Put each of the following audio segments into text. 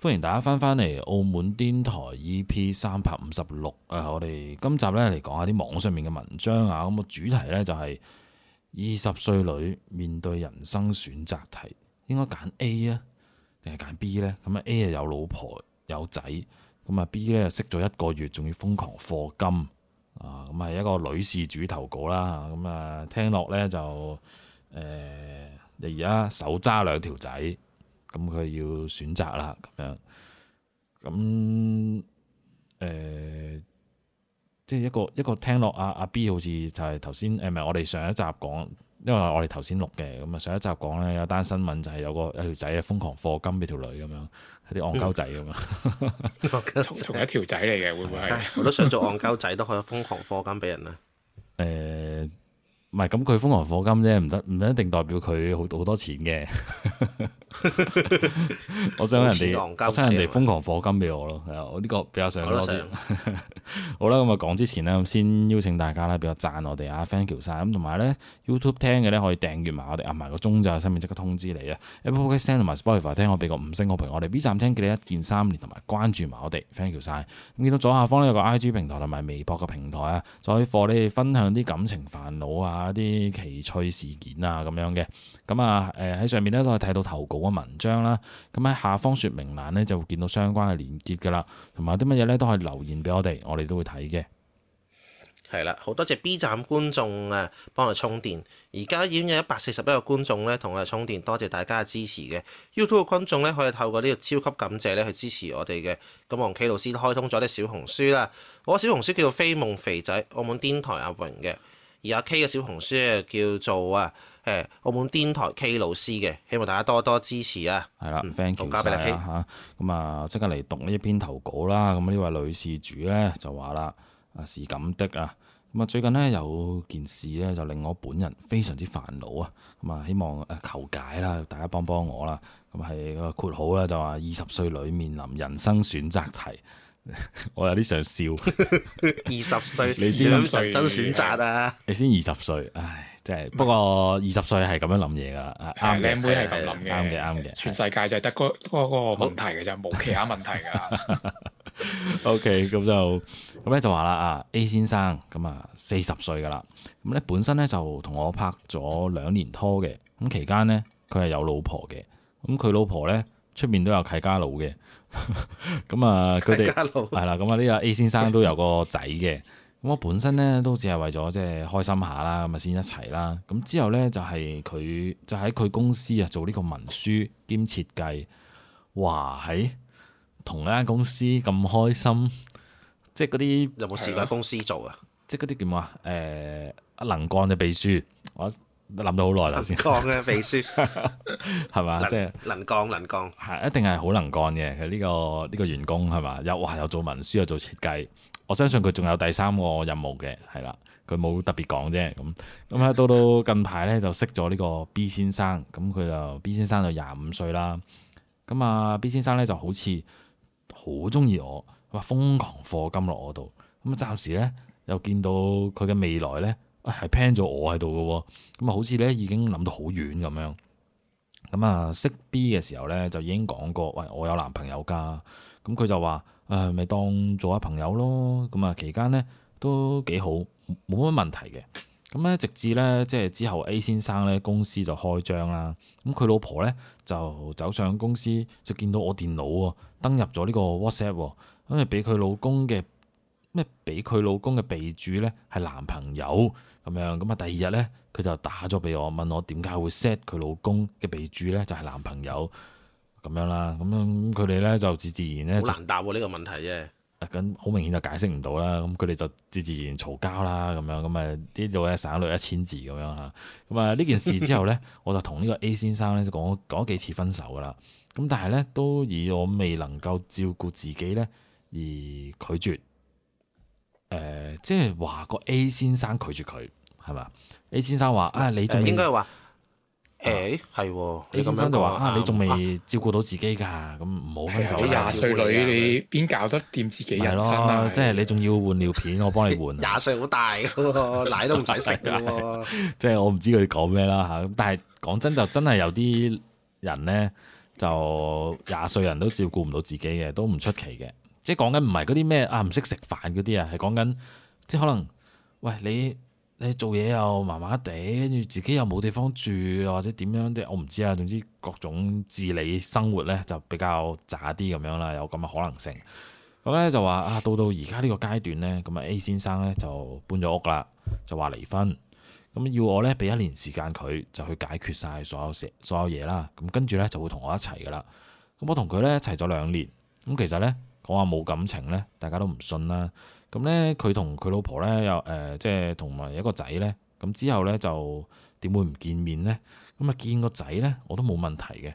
歡迎大家翻返嚟《澳門癲台 EP 三百五十六》啊！我哋今集咧嚟講下啲網上面嘅文章啊，咁個主題咧就係二十歲女面對人生選擇題，應該揀 A 啊，定係揀 B 呢？咁、嗯、啊 A 啊有老婆有仔，咁、嗯、啊 B 咧又識咗一個月瘋，仲要瘋狂課金啊！咁、嗯、係一個女事主投稿啦，咁啊、嗯、聽落咧就你而家手揸兩條仔。咁佢要選擇啦，咁樣，咁誒、呃，即係一個一個聽落啊！阿 B 好似就係頭先誒，唔、呃、係我哋上一集講，因為我哋頭先錄嘅，咁啊上一集講咧有單新聞就係有個有條仔啊瘋狂課金俾條女咁樣，啲戇鳩仔咁啊，同、嗯、 同一條仔嚟嘅，會唔會係？ 我都想做戇鳩仔，都可以瘋狂課金俾人啊！誒、呃。唔係咁，佢瘋狂課金啫，唔得唔一定代表佢好好多錢嘅。 我想人哋，我想人哋瘋狂課金俾我咯。我呢 個比較上想 好啦，咁啊講之前呢，先邀請大家咧，俾個贊我哋啊，Thank you 晒咁，同埋呢 YouTube 聽嘅呢可以訂閱埋我哋，按埋個鐘就有新面即刻通知你啊。Apple Podcast 同埋 Spotify 聽我俾個五星好評，我哋 B 站聽記得一鍵三連同埋關注埋我哋 Thank you 晒。咁 見到左下方咧有個 IG 平台同埋微博嘅平台啊，再可以幫你哋分享啲感情煩惱啊～啊！啲奇趣事件啊，咁樣嘅，咁啊，誒、呃、喺上面咧都係睇到投稿嘅文章啦，咁喺下方說明欄咧就會見到相關嘅連結噶啦，同埋啲乜嘢咧都可以留言俾我哋，我哋都會睇嘅。係啦，好多謝 B 站觀眾啊，幫我充電，而家已經有一百四十一個觀眾咧同我哋充電，多謝大家嘅支持嘅。YouTube 觀眾咧可以透過呢個超級感謝咧去支持我哋嘅。咁黃 K 老師都開通咗啲小紅書啦，我小紅書叫做非夢肥仔，澳門癲台阿榮嘅。而阿 K 嘅小紅書叫做啊、誒，澳門癲台 K 老師嘅，希望大家多多支持啊！係啦，好交俾阿 K 嚇、啊，咁啊即刻嚟讀呢一篇投稿啦！咁呢位女事主咧就話啦，啊是咁的啊，咁啊最近呢有件事咧就令我本人非常之煩惱啊，咁啊希望誒求解啦，大家幫幫我啦，咁係括號啦就話二十歲女面臨人生選擇題。我有啲想笑，二十歲你先。認真選擇啊！你先二十歲，唉，真係。不過二十歲係咁樣諗嘢噶，啱，靚妹係咁諗嘅，啱嘅，啱嘅。全世界就係得嗰嗰個問題嘅啫，冇其他問題噶。OK，咁就咁咧就話啦，啊 A 先生，咁啊四十歲噶啦，咁咧本身咧就同我拍咗兩年拖嘅，咁期間咧佢係有老婆嘅，咁佢老婆咧出面都有契家佬嘅。咁啊，佢哋係啦。咁啊，呢個家老、嗯、A 先生都有個仔嘅。咁、 嗯、我本身咧都只係為咗即係開心下啦，咁啊先一齊啦。咁之後咧就係、是、佢就喺、是、佢公司啊做呢個文書兼設計。哇！喺、哎、同一間公司咁開心，即係嗰啲有冇試過喺公司做啊？即係嗰啲點啊？誒、呃，能幹嘅秘書我。都諗到好耐啦先，能幹、啊、秘書，係嘛？即係能，能幹能幹，係一定係好能幹嘅。佢呢個呢個員工係嘛？有哇又，又做文書又做設計，我相信佢仲有第三個任務嘅，係啦。佢冇特別講啫咁。咁咧到到近排咧就識咗呢個 B 先生，咁佢就 B 先生就廿五歲啦。咁啊 B 先生咧就好似好中意我，佢話瘋狂課金落我度。咁啊暫時咧又見到佢嘅未來咧，係 p a n 咗我喺度嘅喎，咁啊好似咧已經諗到好遠咁樣，咁啊識 B 嘅時候咧就已經講過，喂我有男朋友噶，咁佢就話，誒、呃、咪當做下朋友咯，咁啊期間咧都幾好，冇乜問題嘅，咁咧直至咧即係之後 A 先生咧公司就開張啦，咁佢老婆咧就走上公司就見到我電腦喎，登入咗呢個 WhatsApp，咁啊俾佢老公嘅。咩俾佢老公嘅備註咧？係男朋友咁樣咁啊。第二日咧，佢就打咗俾我，問我點解會 set 佢老公嘅備註咧？就係男朋友咁樣啦。咁樣佢哋咧就自自然咧好難答呢個問題啫。咁好 明顯就解釋唔到啦。咁佢哋就自自然嘈交啦。咁樣咁啊呢度咧省略一千字咁樣吓。咁啊呢件事之後咧， 我就同呢個 A 先生咧講講幾次分手噶啦。咁但係咧都以我未能夠照顧自己咧而拒絕。誒，即係話個 A 先生拒絕佢，係嘛？A 先生話啊，你仲應該話誒，係、欸、A 先生就話啊，你仲未照顧到自己噶，咁唔好分手啦。廿歲女你邊搞得掂自己人生啊？即係你仲要換尿片，我幫你換。廿歲好大，奶都唔使食噶。 即係我唔知佢講咩啦吓，但係講真就真係有啲人咧，就廿歲人都照顧唔到自己嘅，都唔出奇嘅。即係講緊唔係嗰啲咩啊，唔識食飯嗰啲啊，係講緊即係可能喂，你你做嘢又麻麻地，跟住自己又冇地方住，或者點樣即我唔知啊。總之各種自理生活咧就比較渣啲咁樣啦，有咁嘅可能性。咁咧就話啊，到到而家呢個階段咧，咁啊 A 先生咧就搬咗屋啦，就話離婚咁要我咧俾一年時間佢就去解決晒所有事，所有嘢啦。咁跟住咧就會同我一齊噶啦。咁我同佢咧一齊咗兩年，咁其實咧。我話冇感情咧，大家都唔信啦。咁咧，佢同佢老婆咧又誒，即係同埋一個仔咧。咁之後咧就點會唔見面咧？咁啊，見個仔咧我都冇問題嘅。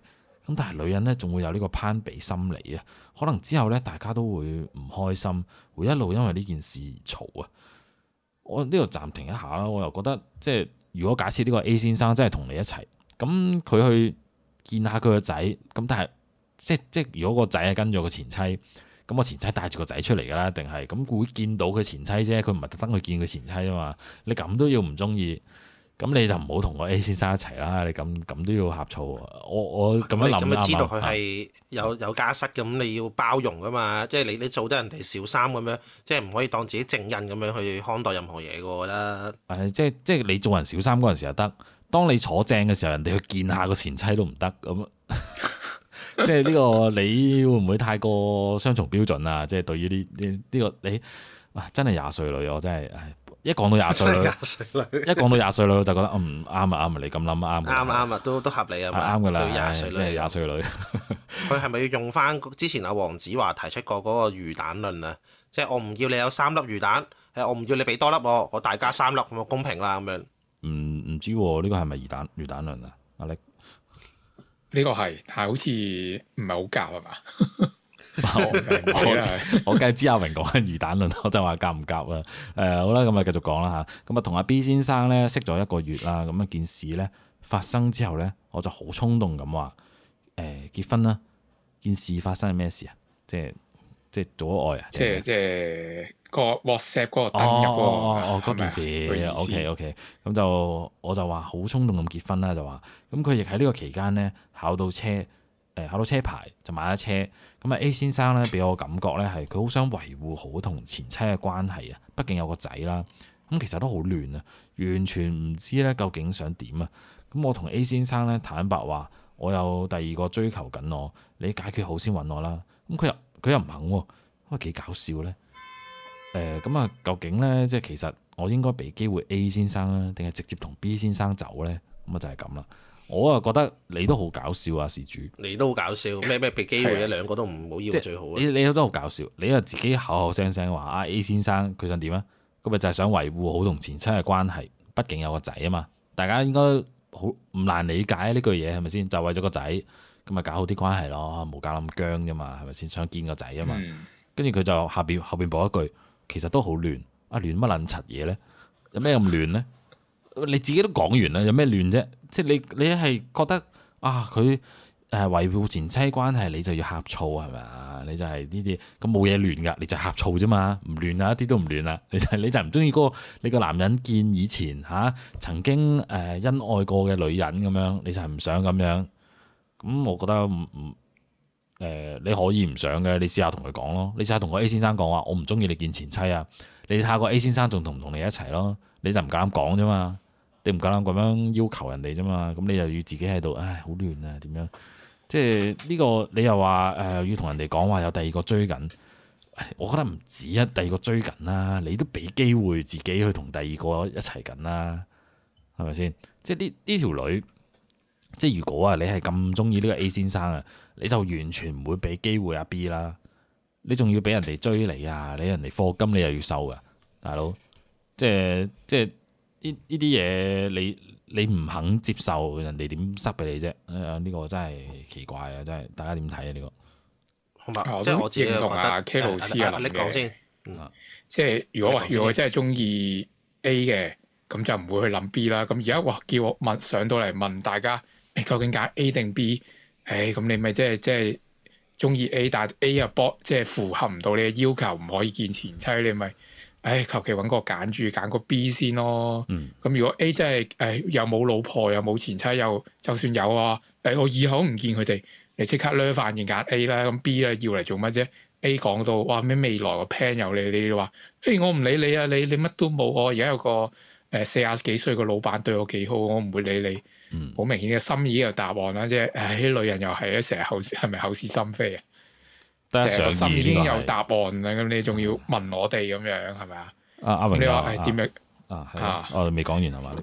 咁但係女人咧仲會有呢個攀比心理啊。可能之後咧大家都會唔開心，會一路因為呢件事而嘈啊。我呢度暫停一下啦。我又覺得即係如果假設呢個 A 先生真係同你一齊，咁佢去見下佢個仔，咁但係即即如果個仔係跟咗個前妻。咁我前妻帶住個仔出嚟㗎啦，定係咁會見到佢前妻啫，佢唔係特登去見佢前妻啊嘛。你咁都要唔中意，咁你就唔好同我 A 先生一齊啦。你咁咁都要呷醋，我我咁樣諗你吧知道佢係有有家室咁，你要包容啊嘛。啊即係你你做得人哋小三咁樣，即係唔可以當自己正印咁樣去看待任何嘢嘅，我覺得。即係即係你做人小三嗰陣時又得，當你坐正嘅時候，人哋去見下個前妻都唔得咁即係呢個你會唔會太過雙重標準啊？即、就、係、是、對於呢呢呢個、這個、你哇，真係廿歲女我真係，一講到廿歲，女，一講到廿歲女我 就覺得唔啱啊啱啊，你咁諗啱，啱啱啊都都合理啊嘛啱㗎啦，廿歲真係廿歲女。佢係咪要用返之前阿黃子華提出過嗰個魚蛋論啊？即係我唔要你有三粒魚蛋，我唔要你俾多粒我，我大家三粒咁公平啦咁樣。唔唔知呢個係咪魚蛋魚蛋論啊？阿呢個係，但係好似唔係好夾吖嘛？我梗係 知阿明講緊魚蛋論，我就話夾唔夾啊？誒、呃、好啦，咁啊繼續講啦嚇。咁啊同阿 B 先生咧識咗一個月啦，咁啊件事咧發生之後咧，我就好衝動咁話誒結婚啦。件事發生係咩事啊？即係即係做愛啊？即係是即係。個 WhatsApp 嗰個登入嗰個，件事 ，OK OK。咁就我就話好衝動咁結婚啦，就話咁佢亦喺呢個期間呢、欸，考到車，誒考到車牌就買咗車。咁啊 A 先生呢，俾我感覺呢，係佢好想維護好同前妻嘅關係啊，畢竟有個仔啦。咁其實都好亂啊，完全唔知呢究竟想點啊。咁我同 A 先生呢坦白話，我有第二個追求緊我，你解決好先揾我啦。咁佢又佢又唔肯喎、啊，咁幾搞笑呢。誒咁啊，究竟呢？即係其實我應該俾機會 A 先生啦，定係直接同 B 先生走呢？咁、嗯、啊就係咁啦。我啊覺得你都好搞笑啊，事主。你都好搞笑，咩咩俾機會啊？ 兩個都唔好以為最好、啊、你都好搞笑，你又自己口口聲聲話啊 A 先生佢想點啊？咁咪就係想維護好同前妻嘅關係，畢竟有個仔啊嘛。大家應該好唔難理解、啊、呢句嘢係咪先？就為咗個仔，咁咪搞好啲關係咯，冇搞咁僵啫嘛，係咪先？想見個仔啊嘛。跟住佢就下邊後邊補一句。其實都好亂，啊亂乜撚柒嘢呢？有咩咁亂呢？你自己都講完啦，有咩亂啫？即係你你係覺得啊，佢誒維護前妻關係，你就要呷醋係咪啊？你就係呢啲咁冇嘢亂噶，你就呷醋啫嘛，唔亂啊，一啲都唔亂啊。你就係、你就唔中意嗰個你個男人見以前吓、啊、曾經誒、呃、恩愛過嘅女人咁樣，你就係唔想咁樣。咁我覺得唔唔。嗯嗯誒，你可以唔想嘅，你試下同佢講咯。你試下同個 A 先生講話，我唔中意你見前妻啊。你睇下個 A 先生仲同唔同你一齊咯。你就唔夠膽講啫嘛，你唔夠膽咁樣要求人哋啫嘛。咁你又要自己喺度，唉，好亂啊，點樣？即係呢、這個你又話誒、呃，要同人哋講話有第二個追緊。我覺得唔止一第二個追緊啦，你都俾機會自己去同第二個一齊緊啦，係咪先？即係呢呢條女。即係如果啊，你係咁中意呢個 A 先生啊，你就完全唔會俾機會阿 B 啦。你仲要俾人哋追你啊，你人哋課金你又要收噶，大佬。即係即係呢呢啲嘢，你你唔肯接受，人哋點塞俾你啫？呢個真係奇怪啊，真係。大家點睇啊？呢個？好嘛，即係我認同阿 K 老師嘅。你講先，即係如果如果真係中意 A 嘅，咁就唔會去諗 B 啦。咁而家哇，叫我問上到嚟問大家。你究竟揀 A 定 B？唉、哎，咁你咪即係即係中意 A，但 A 又波，即係符合唔到你嘅要求，唔可以見前妻，你咪唉、就是，求其揾個揀住，揀個 B 先咯。咁、嗯、如果 A 真係唉又冇老婆，又冇前妻，又就算有啊，誒、哎、我耳口唔見佢哋，你即刻 l e 而揀 A 啦。咁 B 咧要嚟做乜啫？A 講到哇咩未來個 plan 有你，你話誒、哎、我唔理你啊，你你乜都冇、啊，我而家有個誒四十幾歲個老闆對我幾好，我唔會理你。好、嗯、明顯嘅心意嘅答案啦，即係啲女人又係一成日後係咪口是心非啊？但成個心意已經有答案啦，咁、嗯、你仲要問我哋咁、啊啊、樣係咪啊？啊，阿榮，你話係點樣？啊，啊，我未講完係嘛？啊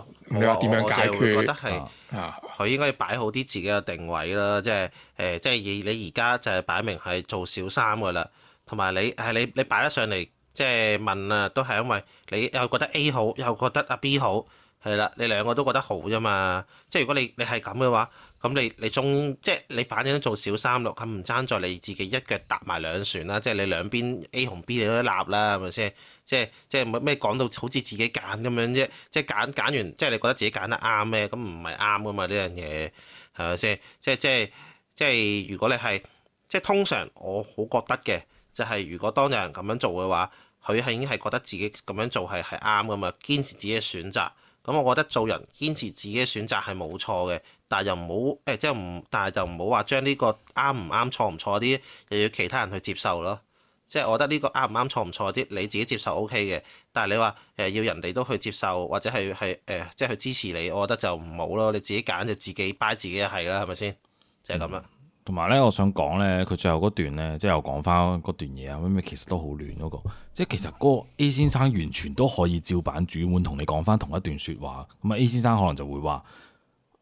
啊、你話點樣解決我我覺得啊？佢應該要擺好啲自己嘅定位啦，即係誒，即、呃、係、就是、你而家就係擺明係做小三噶啦，同埋你係你你擺得上嚟，即、就、係、是、問啊，都係因為你又覺得 A 好，又覺得阿 B 好。係啦，你兩個都覺得好啫嘛。即係如果你你係咁嘅話，咁你你仲即係你反正都做小三六，咁唔爭在你自己一腳踏埋兩船啦。即係你兩邊 A 同 B 你都得立啦，係咪先？即係即係咩講到好似自己揀咁樣啫？即係揀揀完，即係你覺得自己揀得啱咩？咁唔係啱噶嘛？呢樣嘢係咪先？即係即係即係，如果你係即係通常我好覺得嘅，就係如果當有人咁樣做嘅話，佢係已經係覺得自己咁樣做係係啱噶嘛，堅持自己嘅選擇。咁我覺得做人堅持自己嘅選擇係冇錯嘅，但係又唔好誒，即係唔，但係就唔好話將呢個啱唔啱、錯唔錯啲，又要其他人去接受咯。即係我覺得呢個啱唔啱、錯唔錯啲，你自己接受 OK 嘅，但係你話誒、呃、要人哋都去接受或者係係誒，即係去支持你，我覺得就唔好咯。你自己揀就自己 by 自己係啦，係咪先？就係咁啦。同埋咧，我想講咧，佢最後嗰段咧，即係又講翻嗰段嘢啊，咩咩其實都好亂嗰、那個。即係其實嗰 A 先生完全都可以照板煮碗同你講翻同一段説話。咁啊 A 先生可能就會話，誒、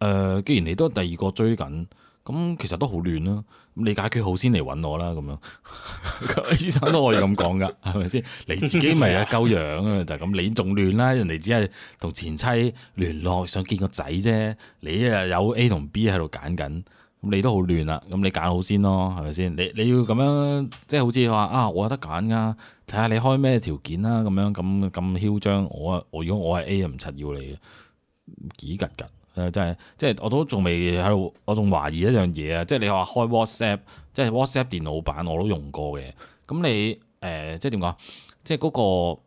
呃，既然你都第二個追緊，咁其實都好亂啦。咁你解決好先嚟揾我啦。咁樣 A 先生都可以咁講噶，係咪先？你自己咪啊鳩樣啊， 就咁。你仲亂啦，人哋只係同前妻聯絡想見個仔啫，你啊有 A 同 B 喺度揀緊。你都好亂啦，咁你揀好先咯，係咪先？你你要咁樣，即係好似話啊，我有得揀噶，睇下你開咩條件啦，咁樣咁咁囂張，我啊我如果我係 A 就唔柒要你嘅，幾吉吉誒真係，即係我都仲未喺度，我仲懷疑一樣嘢啊，即係你話開 WhatsApp，即係 WhatsApp 電腦版我都用過嘅，咁你誒即係點講，即係嗰個。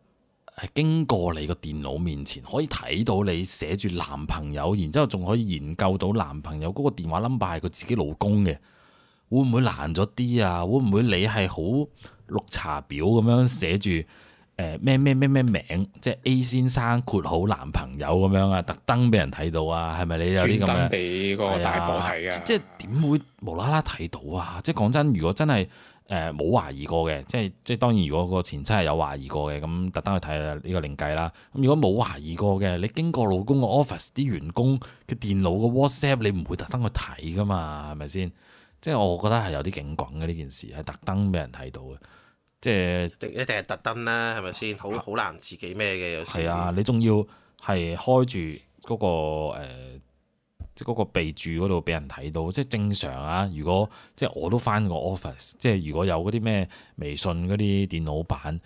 係經過你個電腦面前，可以睇到你寫住男朋友，然之後仲可以研究到男朋友嗰個電話 number 係佢自己老公嘅，會唔會難咗啲啊？會唔會你係好綠茶婊咁樣寫住誒咩咩咩名，即係 A 先生括號男朋友咁樣啊？特登俾人睇到啊？係咪你有啲咁樣？特登俾個大部睇啊！即係點會無啦啦睇到啊？即係講真，如果真係～誒冇懷疑過嘅，即係即係當然，如果個前妻係有懷疑過嘅，咁特登去睇下呢個另計啦。咁如果冇懷疑過嘅，你經過老公個 office 啲員工嘅電腦嘅 WhatsApp，你唔會特登去睇噶嘛，係咪先？即係我覺得係有啲警棍嘅呢件事，係特登俾人睇到嘅，即係一定係特登啦，係咪先？好好難自己咩嘅有時。係啊，你仲要係開住嗰、嗰個、呃即係嗰個備註嗰度俾人睇到，即係正常啊！如果即係我都翻個 office，即係如果有嗰啲咩微信嗰啲電腦版，誒、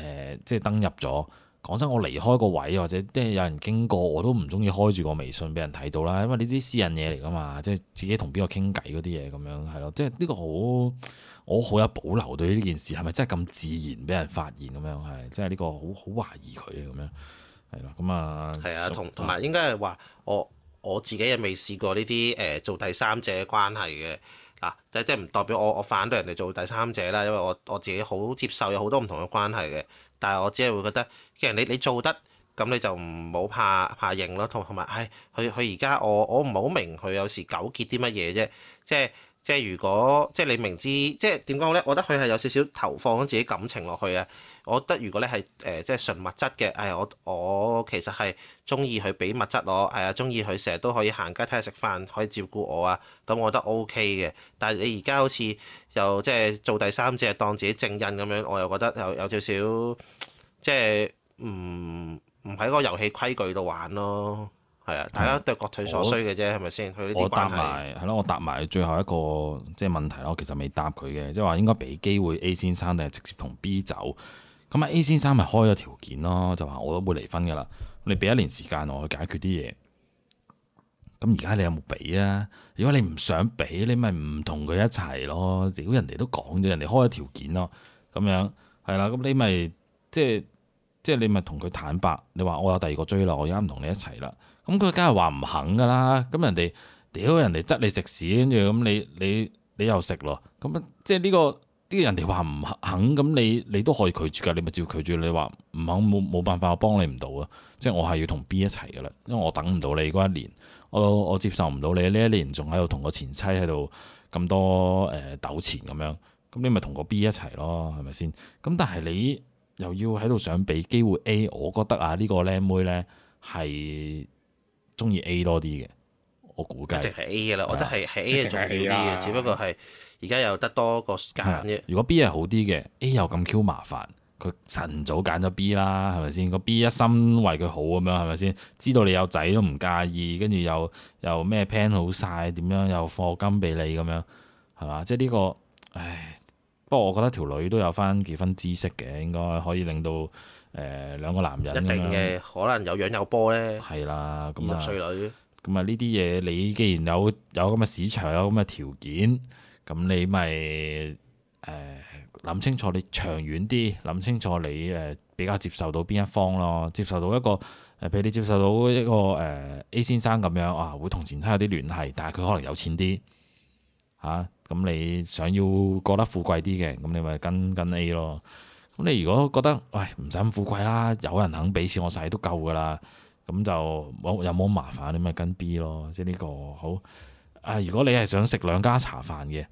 呃，即係登入咗。講真，我離開個位或者即係有人經過，我都唔中意開住個微信俾人睇到啦，因為呢啲私隱嘢嚟噶嘛，即係自己同邊個傾偈嗰啲嘢咁樣係咯。即係呢個好，我好有保留對於呢件事係咪真係咁自然俾人發現咁樣係，即係呢個好好懷疑佢咁樣係啦。咁啊，係啊，同同埋應該係話我。我自己又未試過呢啲誒做第三者嘅關係嘅，嗱、啊、即即唔代表我我反對人哋做第三者啦，因為我我自己好接受有好多唔同嘅關係嘅，但係我只係會覺得其實你你做得咁你就唔好怕怕認咯，同埋唉，佢佢而家我我唔係好明佢有時糾結啲乜嘢啫，即即如果即你明知即點講咧，我覺得佢係有少少投放咗自己感情落去啊。我覺得如果你係誒即係純物質嘅，誒、哎、我我其實係中意佢俾物質我，係啊中意佢成日都可以行街睇下食飯，可以照顧我啊，咁我覺得 O K 嘅。但係你而家好似又即係做第三者當自己正印咁樣，我又覺得又有，有少少即係唔唔喺個遊戲規矩度玩咯。係啊，嗯、大家都對各取所需嘅啫，係咪先？佢呢啲關係。我答埋係咯，我答埋最後一個即係問題咯。其實未答佢嘅，即係話應該俾機會 A 先生定係直接同 B 走。咁啊 A 先生咪開咗條件咯，就話我都會離婚噶啦，你俾一年時間我去解決啲嘢。咁而家你有冇俾啊？如果你唔想俾，你咪唔同佢一齊咯。如果人哋都講咗，人哋開咗條件咯，咁樣係啦。咁你咪即係即係你咪同佢坦白，你話我有第二個追啦，我而家唔同你一齊啦。咁佢梗係話唔肯噶啦。咁人哋屌人哋窒你食屎，跟住咁你你你又食咯。咁即係、呢、呢個。呢個人哋話唔肯，咁你你都可以拒絕㗎，你咪照拒絕。你話唔肯冇冇辦法，我幫你唔到啊！即係我係要同 B 一齊㗎啦，因為我等唔到你嗰一年，我我接受唔到你呢一年仲喺度同個前妻喺度咁多誒、呃、糾纏咁樣，咁你咪同個 B 一齊咯，係咪先？咁但係你又要喺度想俾機會 A，我覺得啊呢個靚妹咧係中意 A 多啲嘅，我估計一定係 A 嘅啦，嗎我覺得係係 A 仲要啲嘅，只不過係。而家又得多個揀啫。如果 B 係好啲嘅，A 又咁 Q 麻煩，佢晨早揀咗 B 啦，係咪先？個 B 一心為佢好咁樣，係咪先？知道你有仔都唔介意，跟住又又咩 plan 好晒，點樣又課金俾你咁樣，係嘛？即係、這、呢個，唉，不過我覺得條女都有翻幾分知識嘅，應該可以令到誒、呃、兩個男人。一定嘅，可能有樣有波咧。係啦的，咁啊，二十歲女。咁啊，呢啲嘢你既然有有咁嘅市場，有咁嘅條件，咁你咪誒諗清楚，你長遠啲諗清楚你，你、呃、誒比較接受到邊一方咯？接受到一個誒，譬、呃、如你接受到一個誒、呃、A 先生咁樣啊，會同前妻有啲聯繫，但係佢可能有錢啲吓。咁、啊、你想要過得富貴啲嘅，咁你咪跟跟 A 咯。咁你如果覺得喂唔使咁富貴啦，有人肯俾錢我使都夠噶啦，咁就冇有冇麻煩你咪跟 B 咯。即係呢、這個好。啊！如果你係想食兩家茶飯嘅，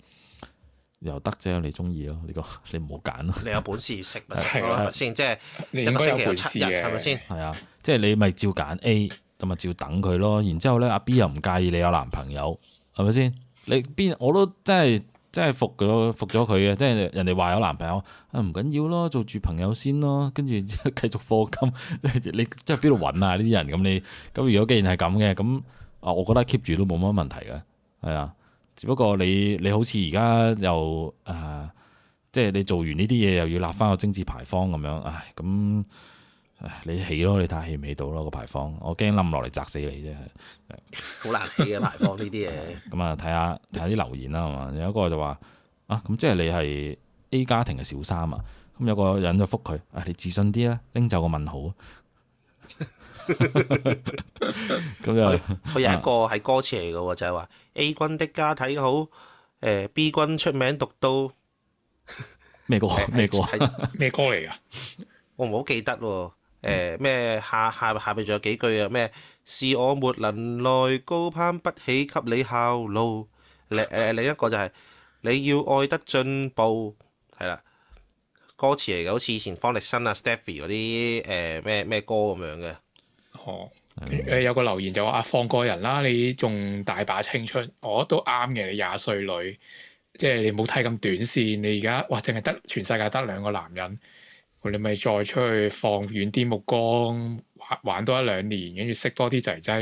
又得啫，你中意咯。呢個你唔好揀咯。你有本事食咪食咯，係咪 的先？即係一個星期有七日，係咪先？係啊，即係你咪照揀 A，咁咪照等佢咯。然之後咧，阿 B 又唔介意你有男朋友，係咪先？你邊我都真係真係服咗服咗佢嘅，即係人哋話有男朋友啊，唔緊要咯，做住朋友先咯。跟住繼續課金，即你，你即係邊度揾啊？呢啲人咁你咁，如果既然係咁嘅咁，啊，我覺得 keep 住都冇乜問題嘅。係啊，只不過你你好似而家又誒、啊，即係你做完呢啲嘢，又要立翻個貞節牌坊咁樣，唉、哎、咁、哎、你起咯，你睇下起唔起到咯個牌坊。我驚冧落嚟砸死你啫，好 難起嘅牌坊呢啲嘢。咁啊， 睇、嗯、下睇下啲留言啦，係嘛？有一個就話啊，咁即係你係 A 家庭嘅小三啊。咁有個人就復佢，誒、啊，你自信啲啦，拎走個問號。 咁又佢有一個係歌詞嚟嘅，就係話 A 君的家睇好誒，B 君出名讀到咩歌咩歌咩歌嚟噶？我唔好記得誒，咩下下下邊仲有幾句啊？咩是我沒能耐高攀不起，給你效勞。另誒，另一個就係你要愛得進步係啦，歌詞嚟嘅，好似以前方力申啊、Stephy 嗰啲誒咩咩歌咁樣嘅。哦，誒有個留言就話啊，放過人啦，你仲大把青春，我都啱嘅。你廿歲女，即係你冇睇咁短線，你而家哇，淨係得全世界得兩個男人，你咪再出去放遠啲目光，玩玩多一兩年，跟住識多啲仔仔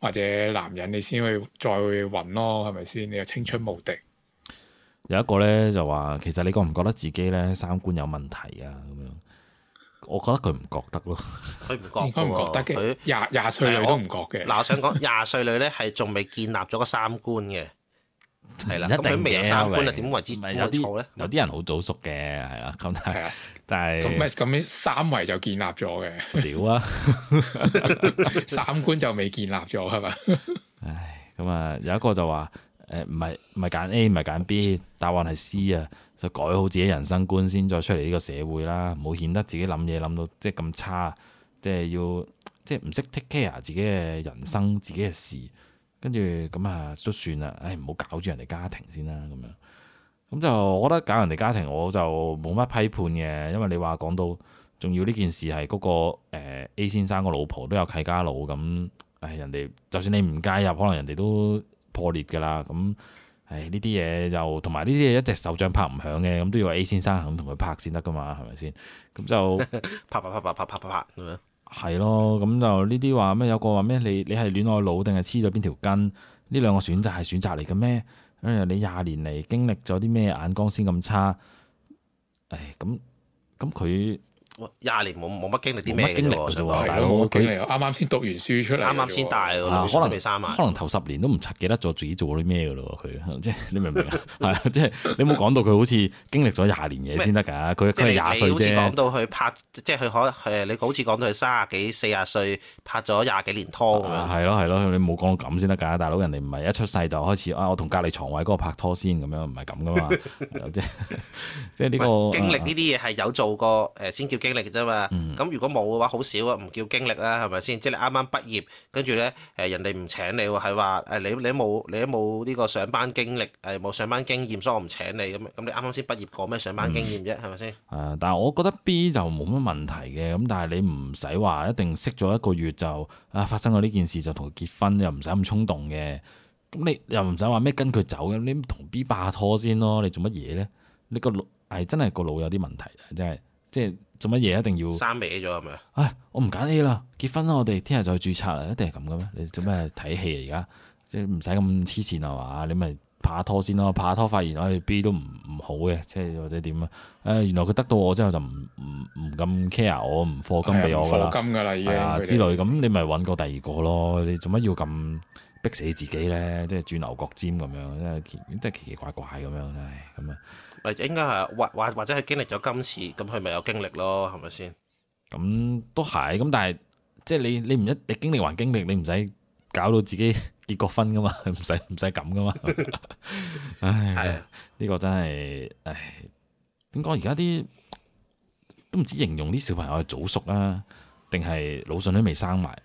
或者男人你會是是，你先去再揾咯，係咪先？你啊青春無敵。有一個呢，就話，其實你覺唔覺得自己呢三觀有問題啊？咁樣。我覺得佢唔覺得咯，佢唔覺嘅，唔覺得嘅，佢廿廿歲女都唔覺嘅。嗱， 我想講廿歲女咧，係仲未建立咗個三觀嘅，係啦，咁佢未有三觀啊，點為之有錯咧？唔係，有啲人好早熟嘅，係啦，咁但係，但係咁樣三維就建立咗嘅，屌行啊！ 三觀就未建立咗係嘛？ 唉，咁啊，有一個就話。誒唔係唔係揀 A 唔係揀 B，答案係 C 啊！就改好自己人生觀先，再出嚟呢個社會啦，唔好顯得自己諗嘢諗到即係咁差，即係要即係唔識 take care 自己嘅人生、自己嘅事，跟住咁啊都算啦，誒唔好搞住人哋家庭先啦咁樣。咁就我覺得搞人哋家庭我就冇乜批判嘅，因為你話講到仲要呢件事係嗰個誒 A 先生個老婆都有契家佬咁，誒人哋就算你唔介入，可能人哋都。破裂噶啦，咁唉呢啲嘢就同埋呢啲嘢一隻手掌拍唔響嘅，咁都要 A 先生肯同佢拍先得噶嘛，係咪先？咁就拍拍拍拍拍拍拍，咁樣係咯。咁就呢啲話咩？有個話咩？你你係戀愛腦定係黐咗邊條筋？呢兩個選擇係選擇嚟嘅咩？唉，你廿年嚟經歷咗啲咩，眼光先咁差？唉，咁咁佢。廿年冇冇乜經歷啲咩嘅喎，大佬經歷啊，啱啱先讀完書出嚟，啱啱先大，可能未三十，可能頭十年都唔記得咗自己做啲咩嘅咯，佢即係你明唔明啊？係啊，即係你冇講到佢好似經歷咗廿年嘢，先得噶，佢佢廿歲你好似講到佢拍，即係佢可你好似講到佢卅幾四十歲拍咗廿幾年拖咁樣，係咯係咯，你冇講咁先得噶，大佬人哋唔係一出世就開始啊，我同隔籬床位嗰個拍拖先咁樣，唔係咁噶嘛，即係即係呢個經歷呢啲嘢係有做過誒先叫。經歷㗎啫嘛，咁如果冇嘅話，好少啊，唔叫經歷啦，係咪先？即係你啱啱畢業，跟住咧誒，人哋唔請你喎，係話誒你你都冇你都冇呢個上班經歷，誒冇上班經驗，所以我唔請你咁咁。你啱啱先畢業過咩上班經驗啫？係咪先？係啊，但係我覺得 B 就冇乜問題嘅。咁但係你唔使話一定識咗一個月就啊發生咗呢件事就同佢結婚，又唔使咁衝動嘅。咁你又唔使話咩跟佢走嘅，你同 B 拍拖先咯。你做乜嘢咧？你個腦係真係個腦有啲問題，真係。即係做乜嘢一定要刪尾咗係咪？唉，我唔揀 A 啦，結婚啦我哋，聽日就去註冊啦，一定係咁嘅咩？你做咩睇戲啊？而家即係唔使咁黐線係嘛？你咪拍下拖先咯，拍下拖發現唉 B 都唔唔好嘅，即係或者點啊？唉、呃，原來佢得到我之後就唔唔唔咁 care 我，唔課金俾我㗎啦，課、啊、金㗎啦，依家之類咁，你咪揾個第二個咯。你做乜要咁逼死自己咧？即係轉牛角尖咁樣，即係奇奇怪怪咁樣，唉咁啊！咪應該或或或者係經歷咗今次，咁佢咪有經歷咯，係咪先？咁都係，咁但係即係你你唔一你經歷還經歷，你唔使搞到自己結過婚噶嘛？唔使唔使咁噶嘛？唉，呢個真係唉，點講？而家啲都唔知形容啲小朋友係早熟啊，定係腦筍都未生埋，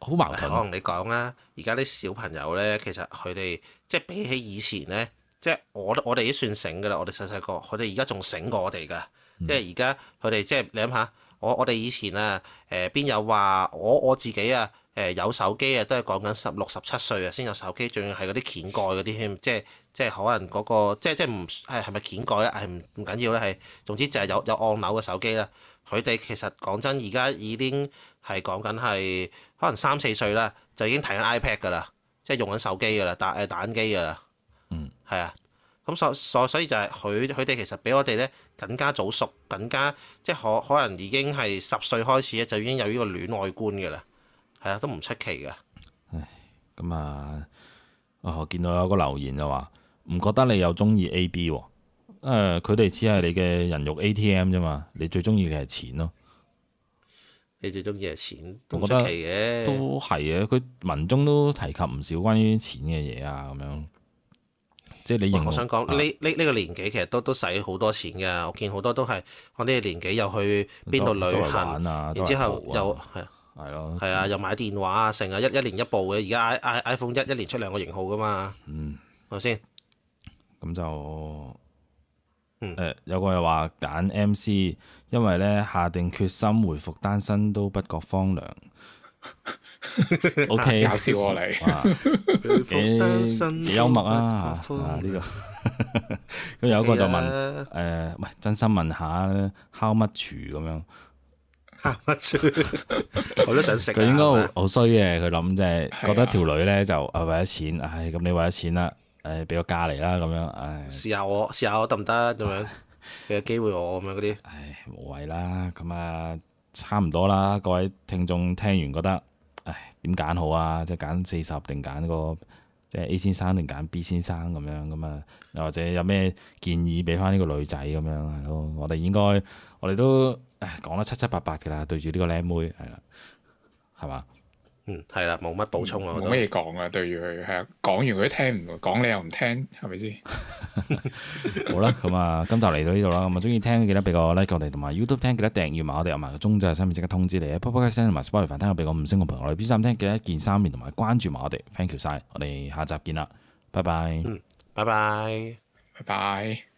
好矛盾。我同你講啦，而家啲小朋友咧，其實佢哋即係比起以前咧。即係我我哋都算醒嘅啦，我哋細細個，佢哋而家仲醒過我哋嘅。即係而家佢哋即係你諗下，我我哋、嗯、以前啊，誒、呃、邊有話我我自己啊，誒有手機啊，都係講緊十六十七歲啊先有手機，仲要係嗰啲掀蓋嗰啲添，即係即係可能嗰、嗰個即係即係唔係係咪掀蓋咧？係唔唔緊要咧，係總之就係有有按鈕嘅手機啦。佢哋其實講真，而家已經係講緊係可能三四歲啦，就已經睇緊 iPad 噶啦，即係用緊手機噶啦，打誒打緊機噶啦。嗯，係啊，咁所所所以就係佢佢哋其實比我哋咧更加早熟，更加即係可可能已經係十歲開始咧就已經有呢個戀愛觀嘅啦，係啊，都唔出奇嘅。唉，咁、嗯、啊，我見到有個留言就話唔覺得你有中意 A B，誒，佢哋只係你嘅人肉 A T M 啫嘛，你最中意嘅係錢咯，你最中意係錢，唔出奇嘅，都係嘅，佢文中都提及唔少關於錢嘅嘢啊，咁樣。即係你，我想講呢呢呢個年紀其實都都使好多錢嘅，我見好多都係我呢個年紀又去邊度旅行啊，然之後又係啊，係咯，係啊，又買電話啊，成日一一年一部嘅，而家 i i iPhone 一一年出兩個型號噶嘛，嗯，係咪先？咁就誒、呃、有個又話揀 MC，因為咧下定決心回復單身都不覺荒涼。 O K，搞笑我嚟幾幾幽默啊！吓呢、啊啊這個咁 有一個就問 Hey a. 誒，喂，真心問下，How much 咁樣？How much 我都想食。佢應該好衰嘅。佢諗就係覺得條女咧就啊，為咗錢唉，咁你為咗錢啦，誒、哎，俾個價嚟啦，咁樣唉。試下我試下我得唔得咁樣？俾個機會我咁樣嗰啲唉，無謂啦。咁啊，差唔多啦。各位聽眾聽完覺得。唉，點揀好啊？即係揀四十定揀個即係 A 先生定揀 B 先生咁樣咁啊？又或者有咩建議俾翻呢個女仔咁樣係咯？我哋應該我哋都唉講得七七八八噶啦，對住呢個靚妹係啦，係嘛？嗯，係啦，冇乜補充，我冇乜嘢講啊，對於佢係講完佢都聽唔，講你又唔聽，係咪先？ 好啦，咁啊，今集嚟到呢度啦，咁啊，中意聽記得俾個 like 我哋，同埋 YouTube 聽記得訂閱埋我哋，同埋個鐘就係上面即刻通知你 Podcast 同埋 Spotify 聽我俾個五星個評，我哋 B 站聽記得見三面，同埋關注埋我哋，thank you 晒，我哋下集見啦，拜拜，嗯，拜拜，拜拜。